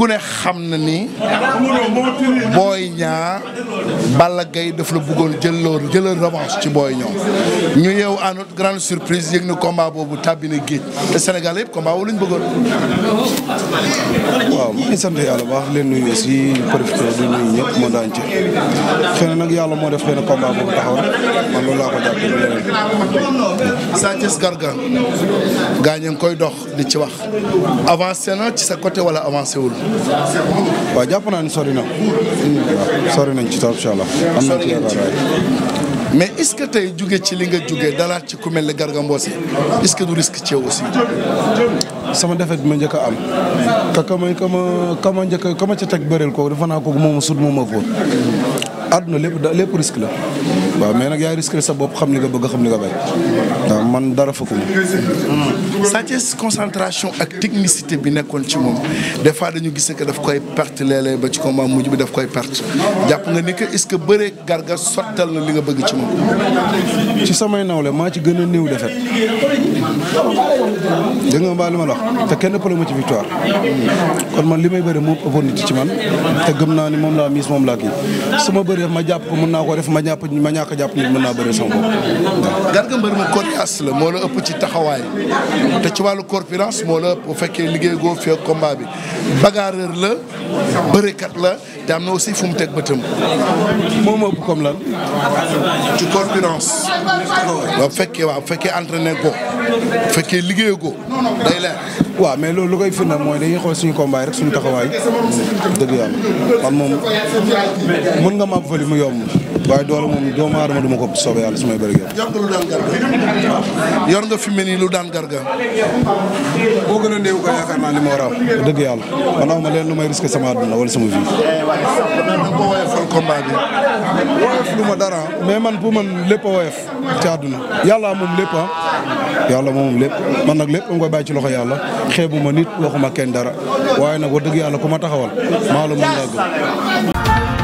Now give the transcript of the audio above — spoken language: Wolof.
ku ne xam na ni booy Niang bala gay def la bëggoon jël loolu jëlal revanche ci Boy Niang ñu yeewu à notre grande surprise yëg na combat boobu tàbbi na géej te Sénégal yëpp combat lañ bëggoon. waaw yàlla baax leen nuyu aussi profité di nuyu ñëpp moo daan yàlla moo def benn combat boobu taxaw rek man loolu laa ko jàppee leneen. Sa Thiès Garga gaañ ngi koy dox di ci wax avancé na ci sa côté wala avancé wul. waaw jàpp naa ni sori na sori nañ ci trop incha allah am na mais est-ce que tey jóge ci li nga jóge dalaat ci ku mel ne Garga ce que du risque ci yow aussi. sama defet bi ma njëkk am. ka ka ma ka ma ka ma njëkk ka ca teg bëreel kooku dafa naa kooku moom sut moom a ko. àdduna lépp lépp risque la. waaw mais nag yaay risqué sa bopp xam li nga bëgg xam li nga bañ waaw man dara fukk ma. Hmm. Sa Thiès concentration ak technicité bi nekkoon ci moom des fois dañu gis que daf koy perte léeg-léeg ba ci combat mujj bi daf koy perte jàpp nga ni que est-ce que bëree gargar sottal na li nga bëgg ci moom. ci samay nawle maa ci gën a néew defet dégg nga mbaa li ma la wax te kenn ëppale ma ci victoire kon man li may bëri moom ëppoon nit ci man te gëm naa ni moom laa miis moom laa ñàkk jàpp ni mën naa bëri sama bopp. Garga mbër mu coriace la moo la ëpp ci taxawaay te ci wàllu corpulence moo la ëpp bu fekkee liggéey goo fii ak combat bi bagarreur la bërekat la te am aussi fu mu teg bëtam. moo ma ëpp comme lan. ci corpulence. waaw fekkee waaw fekkee fekkee liggéey ko day leer. waaw mais loolu lu koy firnde mooy dañuy xool suñu combat rek suñu taxawaay dëgg yàlla moom mën nga ma am mu yomb. waaye doole moom doomu aadama du ko soobee yàlla su may bëri yor nga lu nii lu daan garga boo gën a néew ko yaakaar naa li ma war a dëgg yàlla man aw ma leen lu may risqué sama àdduna wala sama vie dara mais man pour man lépp a woyof ci àdduna yàlla moom lépp ah yàlla moom lépp man nag lépp dama koy bàyyi ci loxo yàlla xeebu ma nit waxuma kenn dara waaye nag wax dëgg yàlla ku ma taxawal maa la mën laa gëm